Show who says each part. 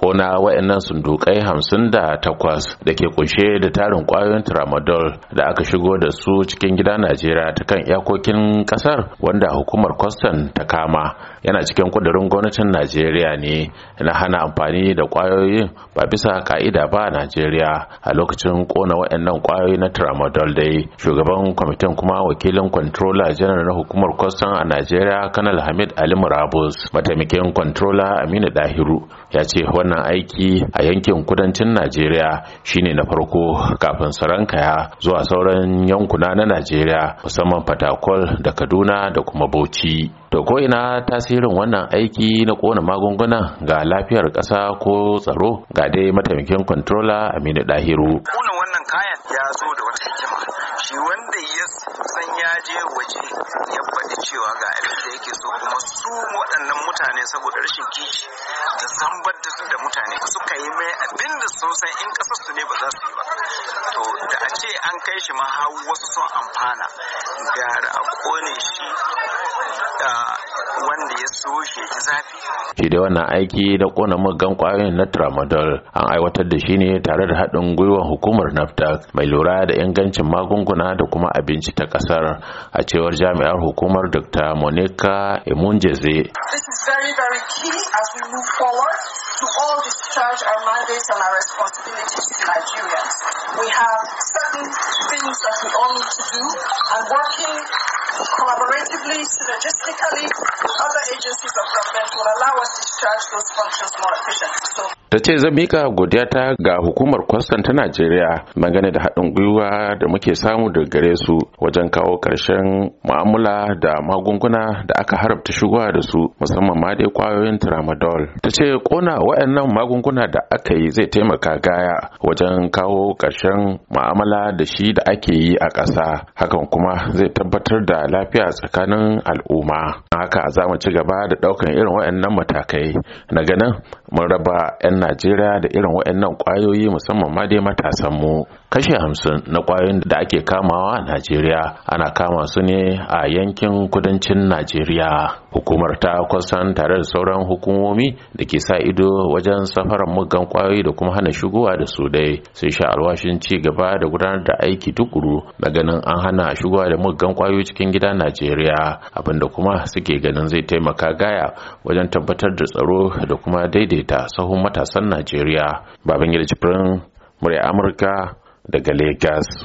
Speaker 1: kona wayannan sundukai hamsin da takwas da ke kunshe da tarin kwayoyin tramadol da aka shigo da su cikin gida najeriya ta kan iyakokin kasar wanda hukumar kwastan ta kama yana cikin kudurin gwamnatin najeriya ne na hana amfani da kwayoyin ba bisa ka'ida ba a najeriya a lokacin kona wayannan kwayoyi na tramadol dai shugaban kwamitin kuma wakilin controller janar na hukumar kwastan a najeriya kanal hamid ali murabus mataimakin controller aminu dahiru ya ce wannan aiki a yankin kudancin najeriya shine na farko kafin su rankaya zuwa sauran yankuna na najeriya musamman fatakol da kaduna da kuma bauchi to ko ina tasirin wannan aiki na kona magunguna ga lafiyar ƙasa ko tsaro ga dai mataimakin kwantrola aminu dahiru wannan kayan ya zo da wata hikima shi wanda ya san ya je waje ya faɗi cewa ga abin da yake so kuma su waɗannan mutane saboda rashin kishi da zambar da mutane suka yi mai abin da sun san in ƙasar su ne ba za su yi ba to da a ce an kai shi ma wasu sun amfana gara a kone shi wanda ya shi da wannan aiki da kona muggan kwayoyin na tramadol an aiwatar da shi ne tare da haɗin gwiwar hukumar Naftak mai lura da ingancin magunguna da kuma abinci ta ƙasar a cewar jami'ar hukumar dr monica emunjeze key as we move forward to all discharge our mandates and our responsibilities to Nigerians. We have certain things that we all need to do, and working collaboratively, synergistically with other agencies of government will allow us to discharge those functions more efficiently. ta ce zan mika godiya ta ga hukumar kwastan ta najeriya dangane da haɗin gwiwa da muke samu da gare su wajen kawo ƙarshen mu'amala da magunguna da aka harabta shigowa da su musamman ma dai kwayoyin tramadol ta ce kona waɗannan magunguna da aka yi zai taimaka gaya wajen kawo ƙarshen mu'amala da shi da ake yi a ƙasa hakan kuma zai tabbatar da lafiya tsakanin al'umma haka za mu ci gaba da ɗaukan irin waɗannan matakai na ganin mun raba 'yan Najeriya da irin waɗannan ƙwayoyi musamman ma dai matasan mu. kashi hamsin na kwayoyin da ake kamawa a najeriya ana kama su ne a yankin kudancin najeriya hukumar ta kwasan tare da sauran hukumomi da ke sa ido wajen safarar muggan kwayoyi da kuma hana shigowa da su dai sai sha alwashin ci gaba da gudanar da aiki tukuru na ganin an hana shigowa da muggan kwayoyi cikin gida najeriya abinda kuma suke ganin zai taimaka gaya wajen tabbatar da tsaro da kuma daidaita sahun matasan najeriya babangida jibrin murya amurka daga Legas.